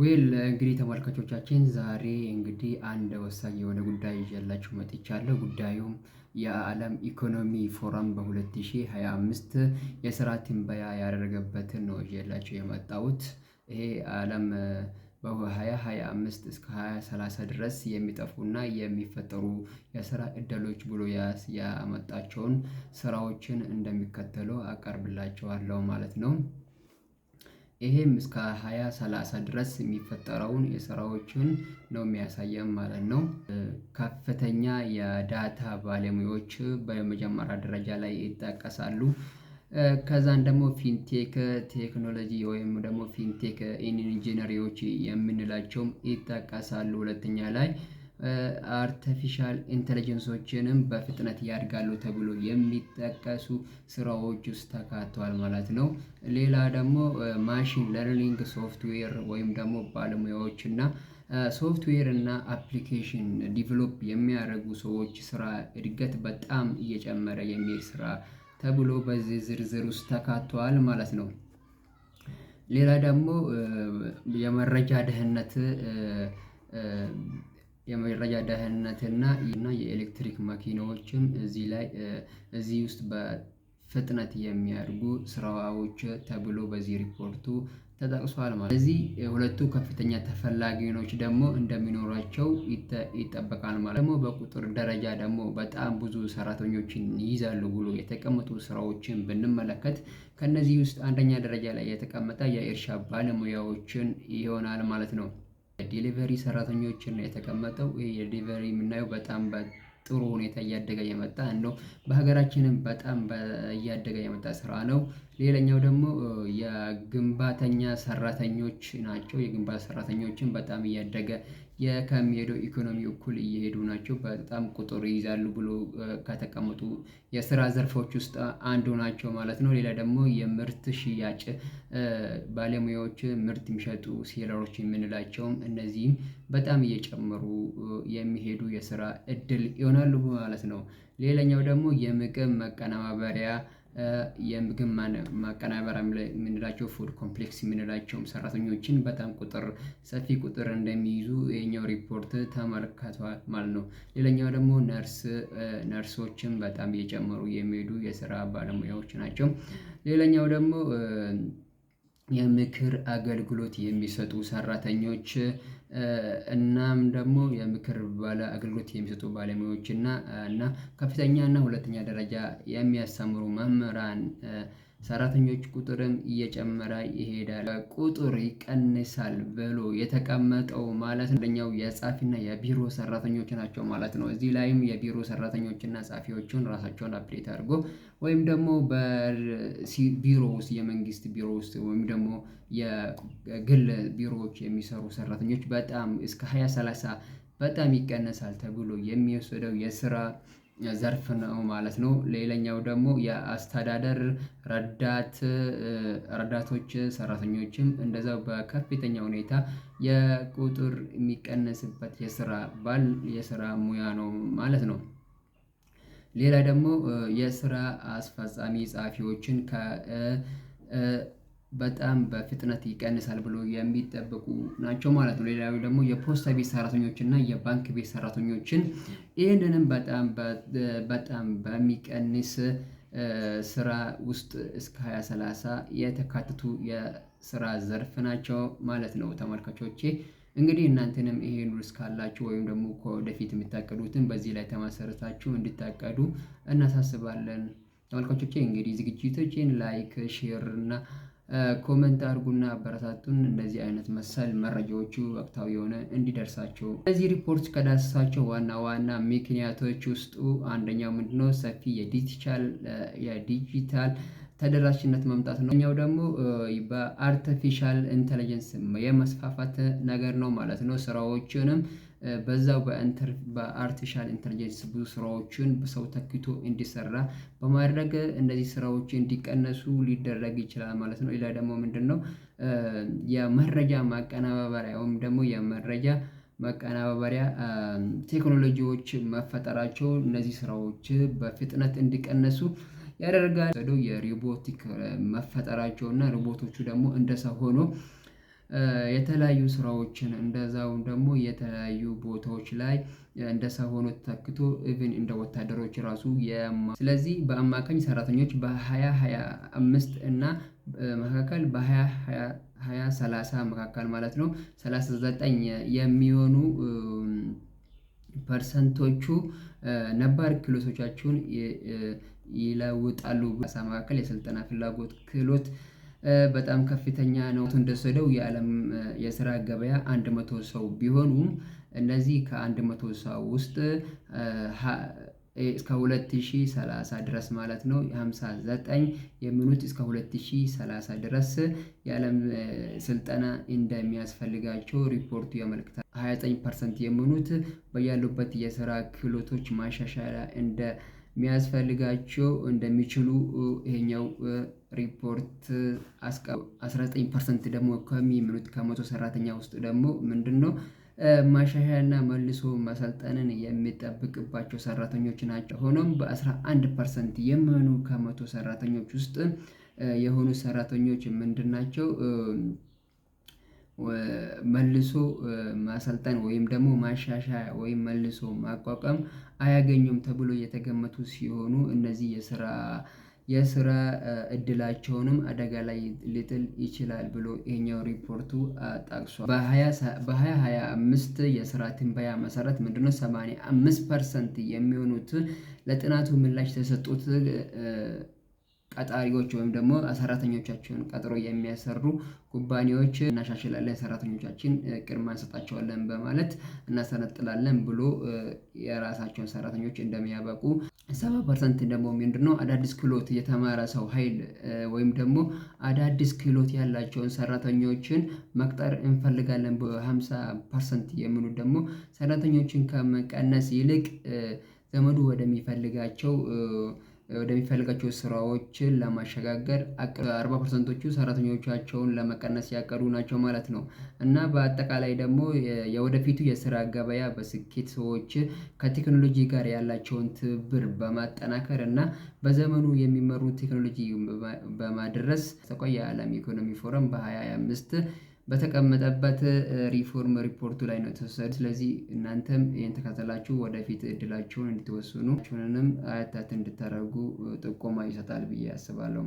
ዌል እንግዲህ ተመልካቾቻችን ዛሬ እንግዲህ አንድ ወሳኝ የሆነ ጉዳይ ይዤላችሁ መጥቻለሁ። ጉዳዩም የዓለም ኢኮኖሚ ፎረም በ2025 የስራ ትንበያ ያደረገበትን ነው ይዤላችሁ የመጣሁት። ይሄ ዓለም በ2025 እስከ 2030 ድረስ የሚጠፉና የሚፈጠሩ የስራ እድሎች ብሎ ያመጣቸውን ስራዎችን እንደሚከተሉ አቀርብላቸዋለው ማለት ነው። ይሄም እስከ 20 ድረስ የሚፈጠረውን የስራዎችን ነው የሚያሳየን ማለት ነው። ከፍተኛ የዳታ ባለሙያዎች በመጀመሪያ ደረጃ ላይ ይጠቀሳሉ። ከዛን ደግሞ ፊንቴክ ቴክኖሎጂ ወይም ደግሞ ፊንቴክ ኢንጂነሪዎች የምንላቸውም ይጠቀሳሉ ሁለተኛ ላይ አርተፊሻል ኢንተለጀንሶችንም በፍጥነት ያድጋሉ ተብሎ የሚጠቀሱ ስራዎች ውስጥ ተካተዋል ማለት ነው። ሌላ ደግሞ ማሽን ለርኒንግ ሶፍትዌር ወይም ደግሞ ባለሙያዎች እና ሶፍትዌር እና አፕሊኬሽን ዲቨሎፕ የሚያደርጉ ሰዎች ስራ እድገት በጣም እየጨመረ የሚል ስራ ተብሎ በዚህ ዝርዝር ውስጥ ተካተዋል ማለት ነው። ሌላ ደግሞ የመረጃ ደህንነት የመረጃ ደህንነትና እና የኤሌክትሪክ መኪናዎችም እዚህ ላይ እዚህ ውስጥ በፍጥነት የሚያድጉ ስራዎች ተብሎ በዚህ ሪፖርቱ ተጠቅሷል ማለት እዚህ ሁለቱ ከፍተኛ ተፈላጊኖች ደግሞ እንደሚኖራቸው ይጠበቃል ማለት ደግሞ በቁጥር ደረጃ ደግሞ በጣም ብዙ ሰራተኞችን ይይዛሉ ብሎ የተቀመጡ ስራዎችን ብንመለከት ከነዚህ ውስጥ አንደኛ ደረጃ ላይ የተቀመጠ የእርሻ ባለሙያዎችን ይሆናል ማለት ነው። ዴሊቨሪ ሰራተኞችን ነው የተቀመጠው። ይሄ የዴሊቨሪ የምናየው በጣም ጥሩ ሁኔታ እያደገ የመጣ እንደው በሀገራችንም በጣም እያደገ የመጣ ስራ ነው። ሌላኛው ደግሞ የግንባተኛ ሰራተኞች ናቸው። የግንባታ ሰራተኞችን በጣም እያደገ ከሚሄደው ኢኮኖሚ እኩል እየሄዱ ናቸው። በጣም ቁጥር ይይዛሉ ብሎ ከተቀመጡ የስራ ዘርፎች ውስጥ አንዱ ናቸው ማለት ነው። ሌላ ደግሞ የምርት ሽያጭ ባለሙያዎች ምርት የሚሸጡ ሴለሮች የምንላቸውም እነዚህም በጣም እየጨመሩ የሚሄዱ የስራ እድል ይሆናሉ ማለት ነው። ሌላኛው ደግሞ የምግብ መቀነባበሪያ የምግብ ማቀናበሪያ የምንላቸው ፉድ ኮምፕሌክስ የምንላቸውም ሰራተኞችን በጣም ቁጥር ሰፊ ቁጥር እንደሚይዙ ይሄኛው ሪፖርት ተመልክቷል ማለት ነው። ሌላኛው ደግሞ ነርስ ነርሶችን በጣም እየጨመሩ የሚሄዱ የስራ ባለሙያዎች ናቸው። ሌላኛው ደግሞ የምክር አገልግሎት የሚሰጡ ሰራተኞች እናም ደግሞ የምክር ባለ አገልግሎት የሚሰጡ ባለሙያዎች እና እና ከፍተኛ እና ሁለተኛ ደረጃ የሚያስተምሩ መምህራን ሰራተኞች ቁጥርም እየጨመረ ይሄዳል። ቁጥር ይቀንሳል ብሎ የተቀመጠው ማለት አንደኛው የጻፊና የቢሮ ሰራተኞች ናቸው ማለት ነው። እዚህ ላይም የቢሮ ሰራተኞችና ጻፊዎቹን ራሳቸውን አፕዴት አድርጎ ወይም ደግሞ በቢሮ ውስጥ የመንግስት ቢሮ ውስጥ ወይም ደግሞ የግል ቢሮዎች የሚሰሩ ሰራተኞች በጣም እስከ ሀያ ሰላሳ በጣም ይቀነሳል ተብሎ የሚወሰደው የስራ ዘርፍ ነው ማለት ነው። ሌላኛው ደግሞ የአስተዳደር ረዳት ረዳቶች ሰራተኞችም እንደዛው በከፍተኛ ሁኔታ የቁጥር የሚቀነስበት የስራ ባል የስራ ሙያ ነው ማለት ነው። ሌላ ደግሞ የስራ አስፈጻሚ ጸሐፊዎችን ከ በጣም በፍጥነት ይቀንሳል ብሎ የሚጠበቁ ናቸው ማለት ነው። ሌላው ደግሞ የፖስታ ቤት ሰራተኞች እና የባንክ ቤት ሰራተኞችን ይህንንም በጣም በጣም በሚቀንስ ስራ ውስጥ እስከ ሃያ የተካተቱ የስራ ዘርፍ ናቸው ማለት ነው። ተመልካቾቼ እንግዲህ እናንተንም ይሄ ኑርስ ካላችሁ ወይም ደግሞ ከወደፊት የምታቀዱትን በዚህ ላይ ተመሰርታችሁ እንድታቀዱ እናሳስባለን። ተመልካቾቼ እንግዲህ ዝግጅቶችን ላይክ፣ ሼር እና ኮመንት አድርጉና አበረታቱን። እንደዚህ አይነት መሰል መረጃዎቹ ወቅታዊ የሆነ እንዲደርሳቸው እነዚህ ሪፖርት ከዳሰሳቸው ዋና ዋና ምክንያቶች ውስጡ አንደኛው ምንድነው ሰፊ የዲጂታል ተደራሽነት መምጣት ነው። ኛው ደግሞ በአርቲፊሻል ኢንተለጀንስ የመስፋፋት ነገር ነው ማለት ነው ስራዎችንም በዛው በአርቲፊሻል ኢንተለጀንስ ብዙ ስራዎችን በሰው ተኪቶ እንዲሰራ በማድረግ እነዚህ ስራዎች እንዲቀነሱ ሊደረግ ይችላል ማለት ነው። ሌላ ደግሞ ምንድን ነው? የመረጃ ማቀናበሪያ ወይም ደግሞ የመረጃ ማቀናበሪያ ቴክኖሎጂዎች መፈጠራቸው እነዚህ ስራዎች በፍጥነት እንዲቀነሱ ያደርጋል። የሮቦቲክ መፈጠራቸው እና ሮቦቶቹ ደግሞ እንደ ሆኖ የተለያዩ ስራዎችን እንደዛውም ደግሞ የተለያዩ ቦታዎች ላይ እንደ ሰው ሆኖ ተተክቶ ኢቭን እንደ ወታደሮች ራሱ የማ ስለዚህ በአማካኝ ሰራተኞች በ2025 እና መካከል በ ሃያ ሃያ ሰላሳ መካከል ማለት ነው ሰላሳ ዘጠኝ የሚሆኑ ፐርሰንቶቹ ነባር ክህሎቶቻችሁን ይለውጣሉ። መካከል የስልጠና ፍላጎት ክህሎት በጣም ከፍተኛ ነው። እንደወሰደው የዓለም የስራ ገበያ አንድ መቶ ሰው ቢሆኑም እነዚህ ከአንድ መቶ ሰው ውስጥ እስከ 2030 ድረስ ማለት ነው 59 የሚሆኑት እስከ 2030 ድረስ የዓለም ስልጠና እንደሚያስፈልጋቸው ሪፖርቱ ያመለክታል። 29 ፐርሰንት የሚሆኑት በያሉበት የስራ ክህሎቶች ማሻሻያ እንደ የሚያስፈልጋቸው እንደሚችሉ ይሄኛው ሪፖርት 19 ፐርሰንት ደግሞ ከሚምኑት ከመቶ ሰራተኛ ውስጥ ደግሞ ምንድን ነው ማሻሻያና መልሶ ማሰልጠንን የሚጠብቅባቸው ሰራተኞች ናቸው። ሆኖም በ11 ፐርሰንት የሚሆኑ ከመቶ ሰራተኞች ውስጥ የሆኑ ሰራተኞች ምንድን ናቸው? መልሶ ማሰልጠን ወይም ደግሞ ማሻሻያ ወይም መልሶ ማቋቋም አያገኙም ተብሎ የተገመቱ ሲሆኑ እነዚህ የስራ የስራ እድላቸውንም አደጋ ላይ ሊጥል ይችላል ብሎ ይሄኛው ሪፖርቱ ጠቅሷል። በ ሀያ አምስት የስራ ትንበያ መሰረት ምንድነው 85 ፐርሰንት የሚሆኑት ለጥናቱ ምላሽ ተሰጡት ቀጣሪዎች ወይም ደግሞ ሰራተኞቻቸውን ቀጥሮ የሚያሰሩ ኩባንያዎች እናሻሽላለን፣ ሰራተኞቻችን ቅድማ እንሰጣቸዋለን በማለት እናሰነጥላለን ብሎ የራሳቸውን ሰራተኞች እንደሚያበቁ ሰባ ፐርሰንት ደግሞ ምንድን ነው አዳዲስ ክህሎት የተማረ ሰው ኃይል ወይም ደግሞ አዳዲስ ክህሎት ያላቸውን ሰራተኞችን መቅጠር እንፈልጋለን። በሀምሳ ፐርሰንት የምሉት ደግሞ ሰራተኞችን ከመቀነስ ይልቅ ዘመዱ ወደሚፈልጋቸው ወደሚፈልጋቸው ስራዎችን ለማሸጋገር 40 ፐርሰንቶቹ ሰራተኞቻቸውን ለመቀነስ ያቀዱ ናቸው ማለት ነው እና በአጠቃላይ ደግሞ የወደፊቱ የስራ ገበያ በስኬት ሰዎች ከቴክኖሎጂ ጋር ያላቸውን ትብብር በማጠናከር እና በዘመኑ የሚመሩ ቴክኖሎጂ በማድረስ ተቋያ የዓለም ኢኮኖሚ ፎረም በ2025 በተቀመጠበት ሪፎርም ሪፖርቱ ላይ ነው የተወሰዱ። ስለዚህ እናንተም ይህን ተከተላችሁ ወደፊት እድላችሁን እንድትወስኑ ችሁንንም አያታት እንድታደርጉ ጥቆማ ይሰጣል ብዬ አስባለሁ።